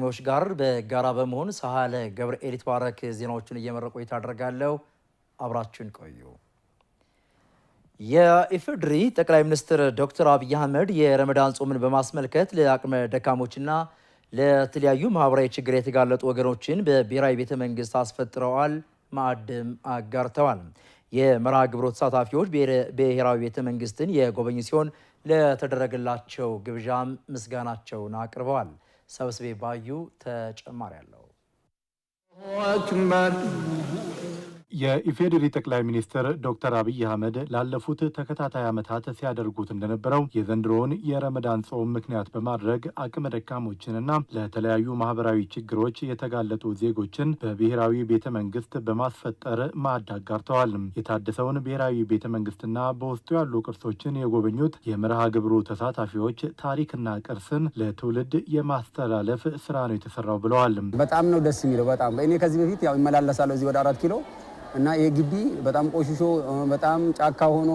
ሚዎች ጋር በጋራ በመሆን ሳህለ ገብርኤል ይትባረክ ዜናዎቹን እየመረቁ ታደርጋለሁ። አብራችን ቆዩ። የኢፌዴሪ ጠቅላይ ሚኒስትር ዶክተር አብይ አህመድ የረመዳን ጾምን በማስመልከት ለአቅመ ደካሞችና ለተለያዩ ማህበራዊ ችግር የተጋለጡ ወገኖችን በብሔራዊ ቤተ መንግስት አስፈጥረዋል፣ ማዕድም አጋርተዋል። የመርሃ ግብሩ ተሳታፊዎች ብሔራዊ ቤተ መንግስትን የጎበኙ ሲሆን ለተደረገላቸው ግብዣም ምስጋናቸውን አቅርበዋል። ሰብስቤ ባዩ ተጨማሪ አለው። የኢፌዴሪ ጠቅላይ ሚኒስትር ዶክተር አብይ አህመድ ላለፉት ተከታታይ ዓመታት ሲያደርጉት እንደነበረው የዘንድሮውን የረመዳን ጾም ምክንያት በማድረግ አቅመ ደካሞችንና ለተለያዩ ማህበራዊ ችግሮች የተጋለጡ ዜጎችን በብሔራዊ ቤተ መንግስት በማስፈጠር ማዕድ አጋርተዋል። የታደሰውን ብሔራዊ ቤተ መንግስትና በውስጡ ያሉ ቅርሶችን የጎበኙት የመርሃ ግብሩ ተሳታፊዎች ታሪክና ቅርስን ለትውልድ የማስተላለፍ ስራ ነው የተሰራው ብለዋል። በጣም ነው ደስ የሚለው። በጣም እኔ ከዚህ በፊት ያው ይመላለሳለሁ እዚህ ወደ አራት ኪሎ እና ይህ ግቢ በጣም ቆሽሾ በጣም ጫካ ሆኖ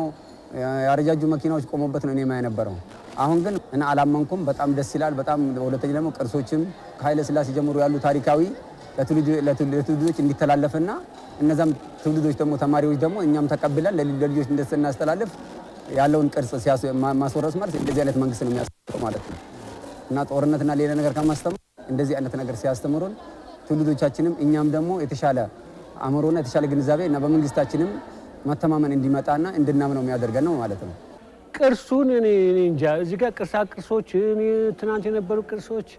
ያረጃጁ መኪናዎች ቆሞበት ነው እኔ የማይነበረው አሁን ግን እና አላመንኩም። በጣም ደስ ይላል። በጣም ሁለተኛ ደግሞ ቅርሶችም ከኃይለ ስላሴ ጀምሮ ያሉ ታሪካዊ ለትውልዶች እንዲተላለፍና እነዛም ትውልዶች ደግሞ ተማሪዎች ደግሞ እኛም ተቀብለን ለልጆች እናስተላልፍ ያለውን ቅርጽ ማስወረስ ማለት እንደዚህ አይነት መንግስት ነው የሚያስቀው ማለት ነው እና ጦርነትና ሌላ ነገር ከማስተምር እንደዚህ አይነት ነገር ሲያስተምሩን ትውልዶቻችንም እኛም ደግሞ የተሻለ አእምሮና የተሻለ ግንዛቤ እና በመንግስታችንም መተማመን እንዲመጣና እንድናምነው የሚያደርገን ነው ማለት ነው። ቅርሱን እኔ እንጃ እዚህ ጋር ቅርሳ ቅርሶች ትናንት የነበሩ ቅርሶች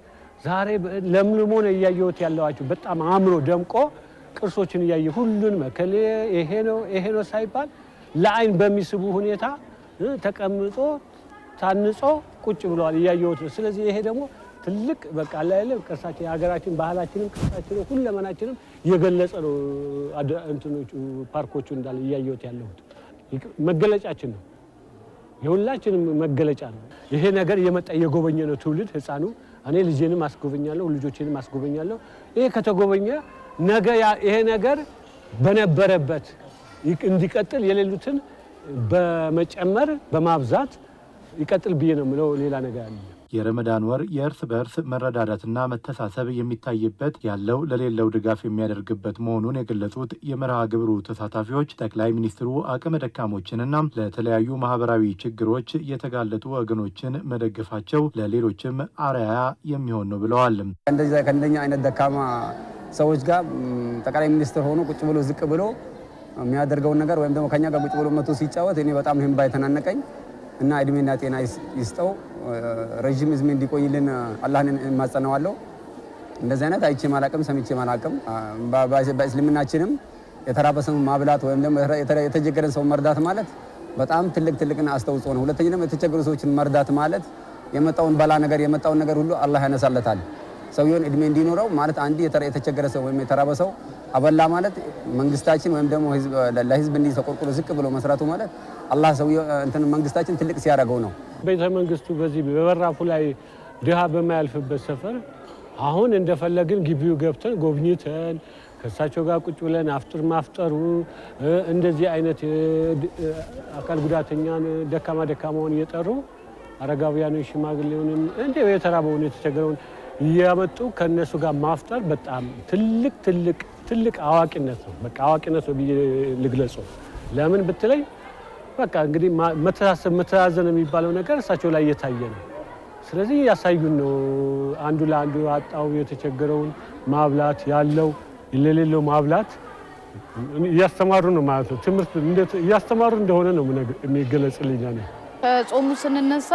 ዛሬ ለምልሞ ነው እያየሁት ያለዋቸው። በጣም አእምሮ ደምቆ ቅርሶችን እያየ ሁሉን መከሌ ይሄ ነው ይሄ ነው ሳይባል ለአይን በሚስቡ ሁኔታ ተቀምጦ ታንጾ ቁጭ ብለዋል እያየሁት ነው። ስለዚህ ይሄ ደግሞ ትልቅ በቃ ላይ ቅርሳችን የሀገራችን ባህላችንም ቅርሳችንም ሁለመናችንም የገለጸ ነው። እንትኖቹ ፓርኮቹ እንዳለ እያየሁት ያለሁት መገለጫችን ነው። የሁላችንም መገለጫ ነው። ይሄ ነገር እየመጣ እየጎበኘ ነው ትውልድ ህፃኑ። እኔ ልጄንም አስጎበኛለሁ፣ ልጆችንም አስጎበኛለሁ። ይሄ ከተጎበኘ ነገ ይሄ ነገር በነበረበት እንዲቀጥል የሌሉትን በመጨመር በማብዛት ይቀጥል ብዬ ነው የምለው። ሌላ ነገር አለ የረመዳን ወር የእርስ በእርስ መረዳዳትና መተሳሰብ የሚታይበት ያለው ለሌለው ድጋፍ የሚያደርግበት መሆኑን የገለጹት የመርሃ ግብሩ ተሳታፊዎች ጠቅላይ ሚኒስትሩ አቅመ ደካሞችንና ለተለያዩ ማህበራዊ ችግሮች የተጋለጡ ወገኖችን መደገፋቸው ለሌሎችም አርያ የሚሆን ነው ብለዋል። ከእንደኛ አይነት ደካማ ሰዎች ጋር ጠቅላይ ሚኒስትር ሆኖ ቁጭ ብሎ ዝቅ ብሎ የሚያደርገውን ነገር ወይም ደግሞ ከኛ ጋር ቁጭ ብሎ መቶ ሲጫወት እኔ በጣም ህንባ የተናነቀኝ እና እድሜና ጤና ይስጠው። ረዥም ዝም እንዲቆይልን አላህን እማጸነዋለሁ። እንደዚህ አይነት አይቼ ማላቅም ሰምቼ ማላቅም በእስልምናችንም የተራበ ሰው ማብላት ወይም ደግሞ የተቸገረን ሰው መርዳት ማለት በጣም ትልቅ ትልቅን አስተውጽኦ ነው። ሁለተኛ ደግሞ የተቸገሩ ሰዎችን መርዳት ማለት የመጣውን ባላ ነገር የመጣውን ነገር ሁሉ አላህ ያነሳለታል። ሰውየውን እድሜ እንዲኖረው ማለት አንድ የተቸገረ ሰው ወይም የተራበ ሰው አበላ ማለት መንግስታችን ወይም ደግሞ ለህዝብ እንዲህ ተቆርቁሎ ዝቅ ብሎ መስራቱ ማለት አላህ ሰውየ እንትን መንግስታችን ትልቅ ሲያደርገው ነው። ቤተ መንግስቱ በዚህ በበራፉ ላይ ድሃ በማያልፍበት ሰፈር አሁን እንደፈለግን ግቢው ገብተን ጎብኝተን ከእሳቸው ጋር ቁጭ ብለን አፍጥር ማፍጠሩ እንደዚህ አይነት አካል ጉዳተኛን ደካማ ደካማውን እየጠሩ አረጋውያንን ሽማግሌውንም እንዲ የተራበውን የተቸገረውን እያመጡ ከእነሱ ጋር ማፍጠር በጣም ትልቅ ትልቅ ትልቅ አዋቂነት ነው። በቃ አዋቂነት ነው ልግለጹ። ለምን ብትለኝ በቃ እንግዲህ መተሳሰብ መተዛዘን የሚባለው ነገር እሳቸው ላይ እየታየ ነው። ስለዚህ ያሳዩን ነው። አንዱ ለአንዱ አጣው የተቸገረውን ማብላት ያለው ለሌለው ማብላት እያስተማሩ ነው ማለት ነው። ትምህርት እያስተማሩ እንደሆነ ነው የሚገለጽልኛ ነው። ከጾሙ ስንነሳ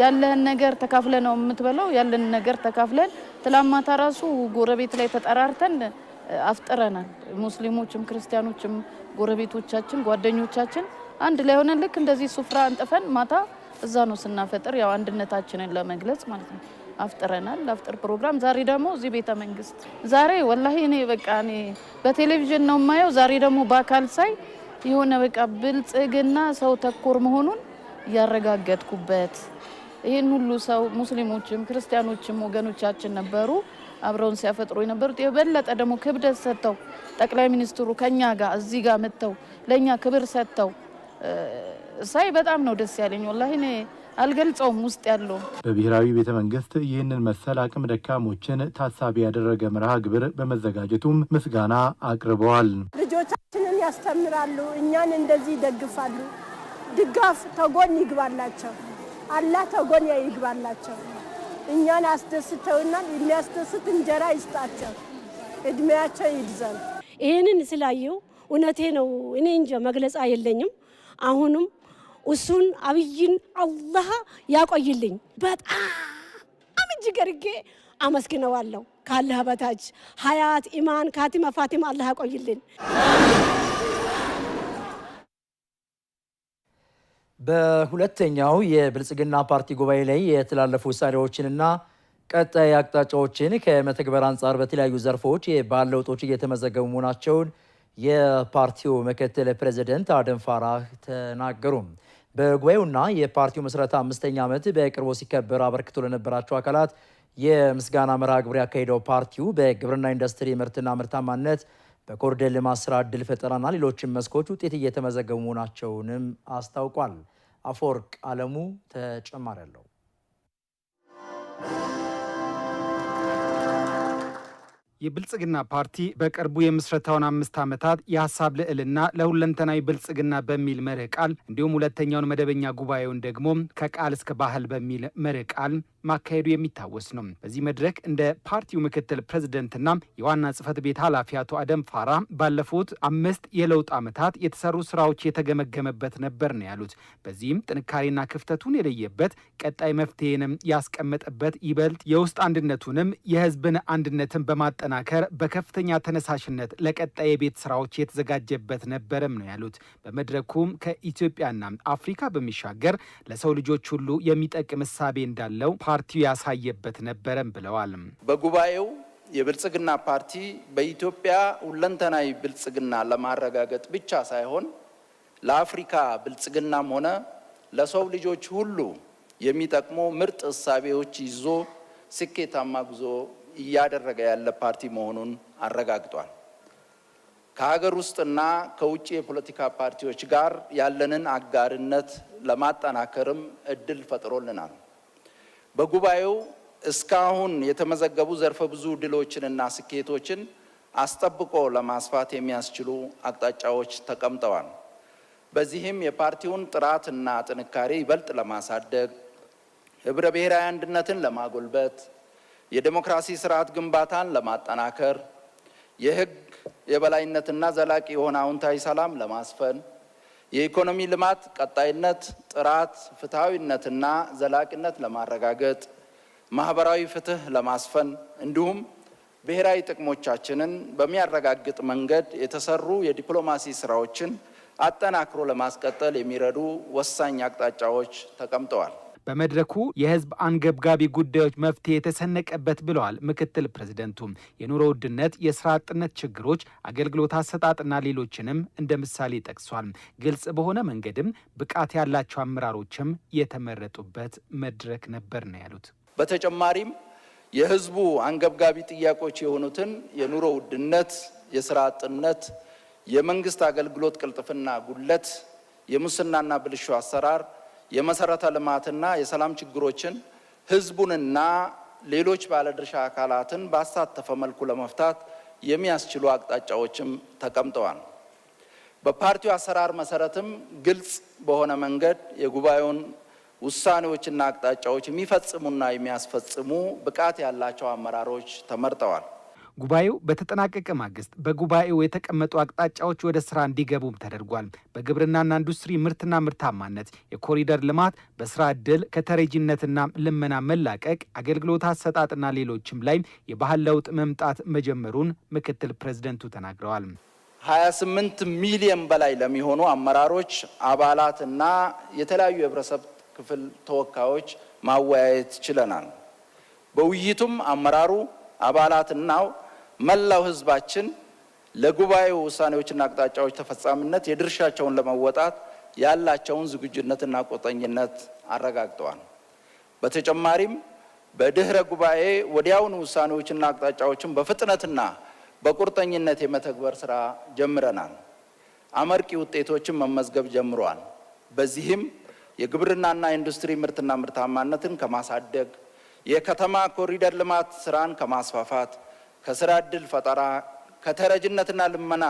ያለህን ነገር ተካፍለ ነው የምትበላው። ያለን ነገር ተካፍለን ትላማታ ማታ ራሱ ጎረቤት ላይ ተጠራርተን አፍጥረናል። ሙስሊሞችም ክርስቲያኖችም ጎረቤቶቻችን፣ ጓደኞቻችን አንድ ላይ ሆነን ልክ እንደዚህ ሱፍራ እንጥፈን ማታ እዛ ነው ስናፈጥር፣ ያው አንድነታችንን ለመግለጽ ማለት ነው። አፍጥረናል። ለአፍጥር ፕሮግራም ዛሬ ደግሞ እዚህ ቤተ መንግስት ዛሬ ወላሂ እኔ በቃ እኔ በቴሌቪዥን ነው የማየው። ዛሬ ደግሞ በአካል ሳይ የሆነ በቃ ብልጽግና ሰው ተኮር መሆኑን እያረጋገጥኩበት። ይህን ሁሉ ሰው ሙስሊሞችም ክርስቲያኖችም ወገኖቻችን ነበሩ አብረውን ሲያፈጥሩ የነበሩት። የበለጠ ደግሞ ክብደት ሰጥተው ጠቅላይ ሚኒስትሩ ከኛ ጋር እዚህ ጋር መጥተው ለእኛ ክብር ሰጥተው ሳይ በጣም ነው ደስ ያለኝ። ወላሂ እኔ አልገልጸውም ውስጥ ያለው በብሔራዊ ቤተ መንግስት ይህንን መሰል አቅም ደካሞችን ታሳቢ ያደረገ መርሃ ግብር በመዘጋጀቱም ምስጋና አቅርበዋል። ልጆቻችንን ያስተምራሉ፣ እኛን እንደዚህ ይደግፋሉ። ድጋፍ ተጎን ይግባላቸው። አላህ ተጎን ይግባላቸው። እኛን አስደስተውናል። የሚያስደስት እንጀራ ይስጣቸው፣ እድሜያቸው ይድዘን። ይህንን ስላየው እውነቴ ነው። እኔ እንጃ መግለጽ የለኝም። አሁንም እሱን አብይን አላህ ያቆይልኝ። በጣም እጅግ አድርጌ አመስግነዋለሁ። ካለህ በታች ሀያት ኢማን ካቲማ ፋቲማ አላህ ያቆይልን። በሁለተኛው የብልጽግና ፓርቲ ጉባኤ ላይ የተላለፉ ውሳኔዎችንና ቀጣይ አቅጣጫዎችን ከመተግበር አንጻር በተለያዩ ዘርፎች የባህል ለውጦች እየተመዘገቡ መሆናቸውን የፓርቲው ምክትል ፕሬዚደንት አደም ፋራህ ተናገሩ። በጉባኤውና የፓርቲው ምስረታ አምስተኛ ዓመት በቅርቡ ሲከበር አበርክቶ ለነበራቸው አካላት የምስጋና መርሃ ግብር ያካሄደው ፓርቲው በግብርና ኢንዱስትሪ ምርትና ምርታማነት በኮሪደር ልማት ስራ እድል ፈጠራና ሌሎችን መስኮች ውጤት እየተመዘገቡ መሆናቸውንም አስታውቋል። አፈወርቅ አለሙ ተጨማሪ አለው። የብልጽግና ፓርቲ በቅርቡ የምስረታውን አምስት ዓመታት የሀሳብ ልዕልና ለሁለንተናዊ ብልጽግና በሚል መርህ ቃል እንዲሁም ሁለተኛውን መደበኛ ጉባኤውን ደግሞ ከቃል እስከ ባህል በሚል መርህ ቃል ማካሄዱ የሚታወስ ነው። በዚህ መድረክ እንደ ፓርቲው ምክትል ፕሬዝደንትና የዋና ጽህፈት ቤት ኃላፊ አቶ አደም ፋራ ባለፉት አምስት የለውጥ ዓመታት የተሰሩ ስራዎች የተገመገመበት ነበር ነው ያሉት። በዚህም ጥንካሬና ክፍተቱን የለየበት ቀጣይ መፍትሄንም ያስቀመጠበት ይበልጥ የውስጥ አንድነቱንም የህዝብን አንድነትን በማጠናከር በከፍተኛ ተነሳሽነት ለቀጣይ የቤት ስራዎች የተዘጋጀበት ነበርም ነው ያሉት። በመድረኩም ከኢትዮጵያና አፍሪካ በሚሻገር ለሰው ልጆች ሁሉ የሚጠቅም እሳቤ እንዳለው ፓርቲው ያሳየበት ነበረም ብለዋል። በጉባኤው የብልጽግና ፓርቲ በኢትዮጵያ ሁለንተናዊ ብልጽግና ለማረጋገጥ ብቻ ሳይሆን ለአፍሪካ ብልጽግናም ሆነ ለሰው ልጆች ሁሉ የሚጠቅሙ ምርጥ እሳቤዎች ይዞ ስኬታማ ጉዞ እያደረገ ያለ ፓርቲ መሆኑን አረጋግጧል። ከሀገር ውስጥና ከውጭ የፖለቲካ ፓርቲዎች ጋር ያለንን አጋርነት ለማጠናከርም እድል ፈጥሮልናል። በጉባኤው እስካሁን የተመዘገቡ ዘርፈ ብዙ ድሎችንና ስኬቶችን አስጠብቆ ለማስፋት የሚያስችሉ አቅጣጫዎች ተቀምጠዋል። በዚህም የፓርቲውን ጥራትና ጥንካሬ ይበልጥ ለማሳደግ፣ ህብረ ብሔራዊ አንድነትን ለማጎልበት፣ የዴሞክራሲ ስርዓት ግንባታን ለማጠናከር፣ የህግ የበላይነትና ዘላቂ የሆነ አውንታዊ ሰላም ለማስፈን የኢኮኖሚ ልማት ቀጣይነት፣ ጥራት፣ ፍትሐዊነትና ዘላቂነት ለማረጋገጥ ማህበራዊ ፍትህ ለማስፈን እንዲሁም ብሔራዊ ጥቅሞቻችንን በሚያረጋግጥ መንገድ የተሰሩ የዲፕሎማሲ ስራዎችን አጠናክሮ ለማስቀጠል የሚረዱ ወሳኝ አቅጣጫዎች ተቀምጠዋል። በመድረኩ የህዝብ አንገብጋቢ ጉዳዮች መፍትሄ የተሰነቀበት ብለዋል ምክትል ፕሬዚደንቱ። የኑሮ ውድነት፣ የስራ አጥነት ችግሮች፣ አገልግሎት አሰጣጥና ሌሎችንም እንደ ምሳሌ ጠቅሷል። ግልጽ በሆነ መንገድም ብቃት ያላቸው አመራሮችም የተመረጡበት መድረክ ነበር ነው ያሉት። በተጨማሪም የህዝቡ አንገብጋቢ ጥያቄዎች የሆኑትን የኑሮ ውድነት፣ የስራ አጥነት፣ የመንግስት አገልግሎት ቅልጥፍና ጉለት የሙስናና ብልሹ አሰራር የመሰረተ ልማትና የሰላም ችግሮችን ህዝቡንና ሌሎች ባለድርሻ አካላትን ባሳተፈ መልኩ ለመፍታት የሚያስችሉ አቅጣጫዎችም ተቀምጠዋል። በፓርቲው አሰራር መሰረትም ግልጽ በሆነ መንገድ የጉባኤውን ውሳኔዎችና አቅጣጫዎች የሚፈጽሙና የሚያስፈጽሙ ብቃት ያላቸው አመራሮች ተመርጠዋል። ጉባኤው በተጠናቀቀ ማግስት በጉባኤው የተቀመጡ አቅጣጫዎች ወደ ስራ እንዲገቡም ተደርጓል። በግብርናና ኢንዱስትሪ ምርትና ምርታማነት፣ የኮሪደር ልማት፣ በስራ ድል ከተረጂነትና ልመና መላቀቅ፣ አገልግሎት አሰጣጥና ሌሎችም ላይ የባህል ለውጥ መምጣት መጀመሩን ምክትል ፕሬዝደንቱ ተናግረዋል። 28 ሚሊዮን በላይ ለሚሆኑ አመራሮች፣ አባላት እና የተለያዩ የህብረተሰብ ክፍል ተወካዮች ማወያየት ችለናል። በውይይቱም አመራሩ አባላትናው መላው ህዝባችን ለጉባኤው ውሳኔዎችና አቅጣጫዎች ተፈጻሚነት የድርሻቸውን ለመወጣት ያላቸውን ዝግጁነትና ቁርጠኝነት አረጋግጠዋል። በተጨማሪም በድህረ ጉባኤ ወዲያውኑ ውሳኔዎችና አቅጣጫዎችን በፍጥነትና በቁርጠኝነት የመተግበር ስራ ጀምረናል። አመርቂ ውጤቶችን መመዝገብ ጀምረዋል። በዚህም የግብርናና ኢንዱስትሪ ምርትና ምርታማነትን ከማሳደግ የከተማ ኮሪደር ልማት ስራን ከማስፋፋት ከስራ ዕድል ፈጠራ፣ ከተረጅነትና ልመና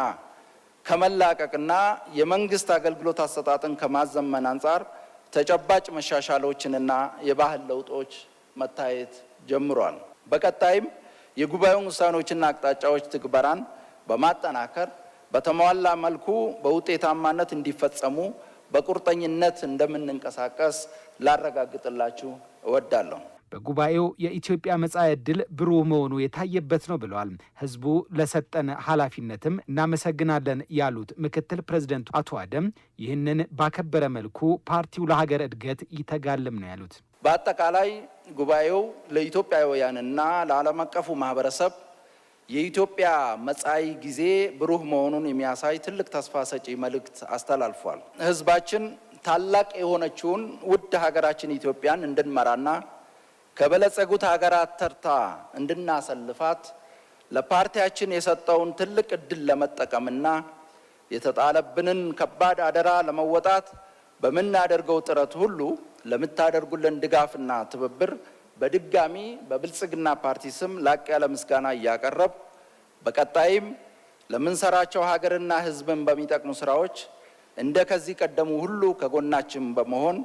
ከመላቀቅና የመንግስት አገልግሎት አሰጣጥን ከማዘመን አንጻር ተጨባጭ መሻሻሎችንና የባህል ለውጦች መታየት ጀምሯል። በቀጣይም የጉባኤውን ውሳኔዎችና አቅጣጫዎች ትግበራን በማጠናከር በተሟላ መልኩ በውጤታማነት እንዲፈጸሙ በቁርጠኝነት እንደምንንቀሳቀስ ላረጋግጥላችሁ እወዳለሁ። በጉባኤው የኢትዮጵያ መጻኢ ዕድል ብሩህ መሆኑ የታየበት ነው ብለዋል። ህዝቡ ለሰጠን ኃላፊነትም እናመሰግናለን ያሉት ምክትል ፕሬዚደንቱ አቶ አደም ይህንን ባከበረ መልኩ ፓርቲው ለሀገር እድገት ይተጋልም ነው ያሉት። በአጠቃላይ ጉባኤው ለኢትዮጵያውያንና ለዓለም አቀፉ ማህበረሰብ የኢትዮጵያ መጻኢ ጊዜ ብሩህ መሆኑን የሚያሳይ ትልቅ ተስፋ ሰጪ መልእክት አስተላልፏል። ህዝባችን ታላቅ የሆነችውን ውድ ሀገራችን ኢትዮጵያን እንድንመራና ከበለጸጉት ሀገራት ተርታ እንድናሰልፋት ለፓርቲያችን የሰጠውን ትልቅ እድል ለመጠቀምና የተጣለብንን ከባድ አደራ ለመወጣት በምናደርገው ጥረት ሁሉ ለምታደርጉልን ድጋፍና ትብብር በድጋሚ በብልጽግና ፓርቲ ስም ላቅ ያለ ምስጋና እያቀረብ በቀጣይም ለምንሰራቸው ሀገርና ሕዝብን በሚጠቅሙ ስራዎች እንደ ከዚህ ቀደሙ ሁሉ ከጎናችን በመሆን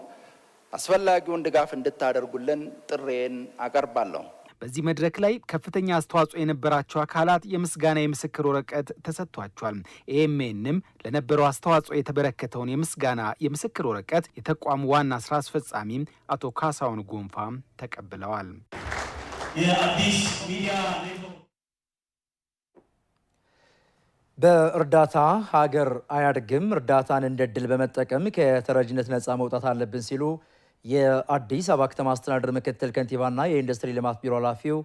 አስፈላጊውን ድጋፍ እንድታደርጉልን ጥሬን አቀርባለሁ። በዚህ መድረክ ላይ ከፍተኛ አስተዋጽኦ የነበራቸው አካላት የምስጋና የምስክር ወረቀት ተሰጥቷቸዋል። ኤኤምኤንም ለነበረው አስተዋጽኦ የተበረከተውን የምስጋና የምስክር ወረቀት የተቋሙ ዋና ስራ አስፈጻሚ አቶ ካሳውን ጎንፋ ተቀብለዋል። በእርዳታ ሀገር አያድግም፣ እርዳታን እንደ ድል በመጠቀም ከተረጅነት ነፃ መውጣት አለብን ሲሉ የአዲስ አበባ ከተማ አስተዳደር ምክትል ከንቲባና የኢንዱስትሪ ልማት ቢሮ ኃላፊው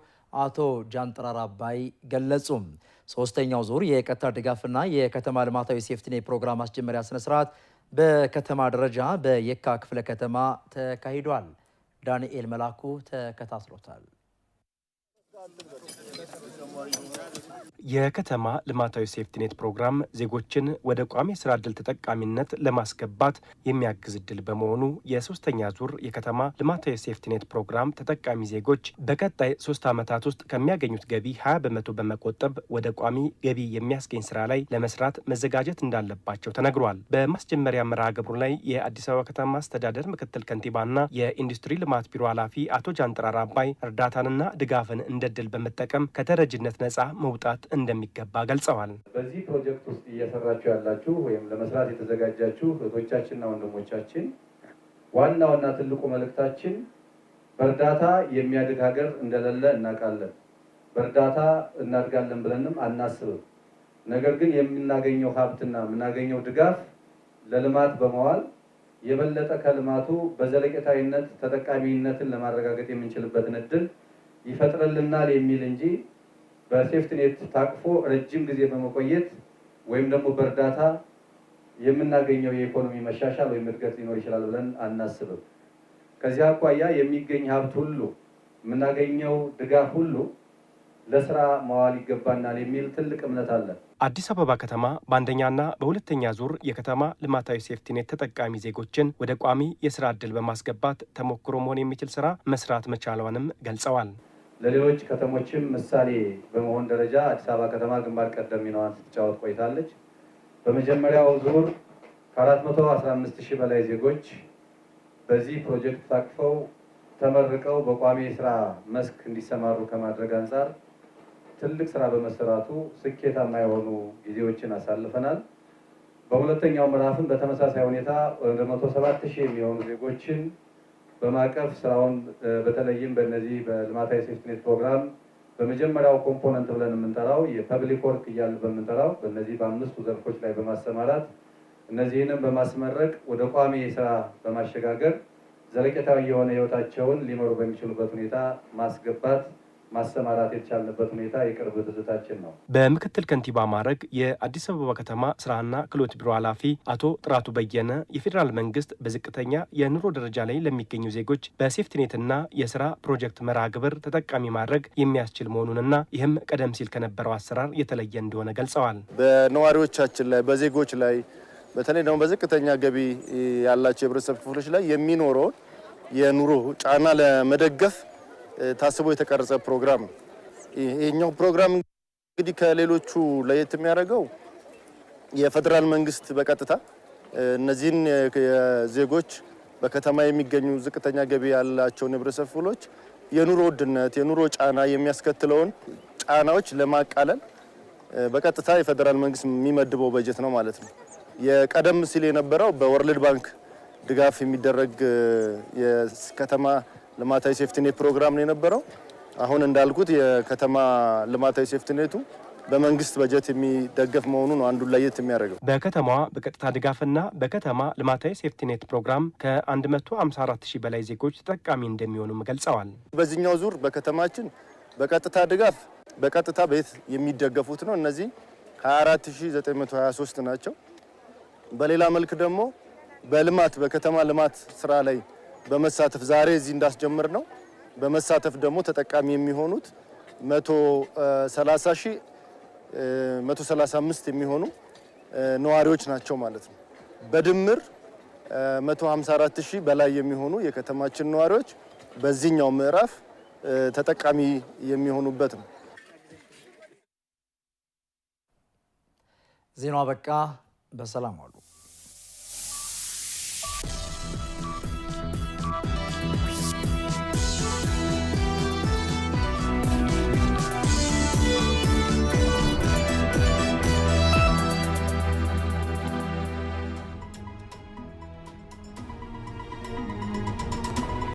አቶ ጃንጥራር አባይ ገለጹም። ሶስተኛው ዙር የቀጥታ ድጋፍና የከተማ ልማታዊ ሴፍትኔ ፕሮግራም ማስጀመሪያ ስነስርዓት በከተማ ደረጃ በየካ ክፍለ ከተማ ተካሂዷል። ዳንኤል መላኩ ተከታትሎታል። የከተማ ልማታዊ ሴፍቲኔት ፕሮግራም ዜጎችን ወደ ቋሚ የስራ እድል ተጠቃሚነት ለማስገባት የሚያግዝ እድል በመሆኑ የሶስተኛ ዙር የከተማ ልማታዊ ሴፍቲኔት ፕሮግራም ተጠቃሚ ዜጎች በቀጣይ ሶስት ዓመታት ውስጥ ከሚያገኙት ገቢ ሀያ በመቶ በመቆጠብ ወደ ቋሚ ገቢ የሚያስገኝ ስራ ላይ ለመስራት መዘጋጀት እንዳለባቸው ተነግሯል። በማስጀመሪያ መርሃ ግብሩ ላይ የአዲስ አበባ ከተማ አስተዳደር ምክትል ከንቲባና የኢንዱስትሪ ልማት ቢሮ ኃላፊ አቶ ጃንጥራር አባይ እርዳታንና ድጋፍን እንደ እድል በመጠቀም ከተረጅነት ነጻ መውጣት መሰራት እንደሚገባ ገልጸዋል። በዚህ ፕሮጀክት ውስጥ እየሰራችሁ ያላችሁ ወይም ለመስራት የተዘጋጃችሁ እህቶቻችንና ወንድሞቻችን ዋናውና ትልቁ መልእክታችን በእርዳታ የሚያድግ ሀገር እንደሌለ እናውቃለን። በእርዳታ እናድጋለን ብለንም አናስብም። ነገር ግን የምናገኘው ሀብትና የምናገኘው ድጋፍ ለልማት በመዋል የበለጠ ከልማቱ በዘለቄታዊነት ተጠቃሚነትን ለማረጋገጥ የምንችልበትን እድል ይፈጥርልናል የሚል እንጂ በሴፍትኔት ታቅፎ ረጅም ጊዜ በመቆየት ወይም ደግሞ በእርዳታ የምናገኘው የኢኮኖሚ መሻሻል ወይም እድገት ሊኖር ይችላል ብለን አናስብም። ከዚህ አኳያ የሚገኝ ሀብት ሁሉ የምናገኘው ድጋፍ ሁሉ ለስራ መዋል ይገባናል የሚል ትልቅ እምነት አለን። አዲስ አበባ ከተማ በአንደኛና በሁለተኛ ዙር የከተማ ልማታዊ ሴፍቲኔት ተጠቃሚ ዜጎችን ወደ ቋሚ የስራ ዕድል በማስገባት ተሞክሮ መሆን የሚችል ስራ መስራት መቻሏንም ገልጸዋል። ለሌሎች ከተሞችም ምሳሌ በመሆን ደረጃ አዲስ አበባ ከተማ ግንባር ቀደም ሚናዋን ስትጫወት ቆይታለች። በመጀመሪያው ዙር ከ415 ሺህ በላይ ዜጎች በዚህ ፕሮጀክት ታቅፈው ተመርቀው በቋሚ ስራ መስክ እንዲሰማሩ ከማድረግ አንጻር ትልቅ ስራ በመሰራቱ ስኬታማ የሆኑ ጊዜዎችን አሳልፈናል። በሁለተኛው ምዕራፍም በተመሳሳይ ሁኔታ ወደ ሰባት ሺህ የሚሆኑ ዜጎችን በማቀፍ ስራውን በተለይም በእነዚህ በልማታዊ ሴፍትኔት ፕሮግራም በመጀመሪያው ኮምፖነንት ብለን የምንጠራው የፐብሊክ ወርክ እያሉ በምንጠራው በእነዚህ በአምስቱ ዘርፎች ላይ በማሰማራት እነዚህንም በማስመረቅ ወደ ቋሚ ስራ በማሸጋገር ዘለቄታዊ የሆነ ህይወታቸውን ሊመሩ በሚችሉበት ሁኔታ ማስገባት ማሰማራት የተቻልንበት ሁኔታ የቅርብ ትዝታችን ነው። በምክትል ከንቲባ ማዕረግ የአዲስ አበባ ከተማ ስራና ክህሎት ቢሮ ኃላፊ አቶ ጥራቱ በየነ የፌዴራል መንግስት በዝቅተኛ የኑሮ ደረጃ ላይ ለሚገኙ ዜጎች በሴፍትኔትና የስራ ፕሮጀክት መርሃ ግብር ተጠቃሚ ማድረግ የሚያስችል መሆኑንና ይህም ቀደም ሲል ከነበረው አሰራር የተለየ እንደሆነ ገልጸዋል። በነዋሪዎቻችን ላይ በዜጎች ላይ በተለይ ደግሞ በዝቅተኛ ገቢ ያላቸው የህብረተሰብ ክፍሎች ላይ የሚኖረውን የኑሮ ጫና ለመደገፍ ታስቦ የተቀረጸ ፕሮግራም ነው። ይሄኛው ፕሮግራም እንግዲህ ከሌሎቹ ለየት የሚያደርገው የፌዴራል መንግስት በቀጥታ እነዚህን ዜጎች በከተማ የሚገኙ ዝቅተኛ ገቢ ያላቸውን ህብረተሰብ ክፍሎች የኑሮ ውድነት፣ የኑሮ ጫና የሚያስከትለውን ጫናዎች ለማቃለል በቀጥታ የፌዴራል መንግስት የሚመድበው በጀት ነው ማለት ነው። የቀደም ሲል የነበረው በወርልድ ባንክ ድጋፍ የሚደረግ የከተማ ልማታዊ ሴፍቲኔት ፕሮግራም ነው የነበረው። አሁን እንዳልኩት የከተማ ልማታዊ ሴፍቲኔቱ በመንግስት በጀት የሚደገፍ መሆኑ ነው አንዱን ለየት የሚያደርገው። በከተማዋ በቀጥታ ድጋፍና በከተማ ልማታዊ ሴፍቲኔት ፕሮግራም ከ154 ሺህ በላይ ዜጎች ተጠቃሚ እንደሚሆኑም ገልጸዋል። በዚህኛው ዙር በከተማችን በቀጥታ ድጋፍ በቀጥታ ቤት የሚደገፉት ነው። እነዚህ 24923 ናቸው። በሌላ መልክ ደግሞ በልማት በከተማ ልማት ስራ ላይ በመሳተፍ ዛሬ እዚህ እንዳስጀምር ነው በመሳተፍ ደግሞ ተጠቃሚ የሚሆኑት 130 ሺህ 135 የሚሆኑ ነዋሪዎች ናቸው ማለት ነው። በድምር 154 ሺህ በላይ የሚሆኑ የከተማችን ነዋሪዎች በዚህኛው ምዕራፍ ተጠቃሚ የሚሆኑበት ነው። ዜናው በቃ በሰላም አሉ።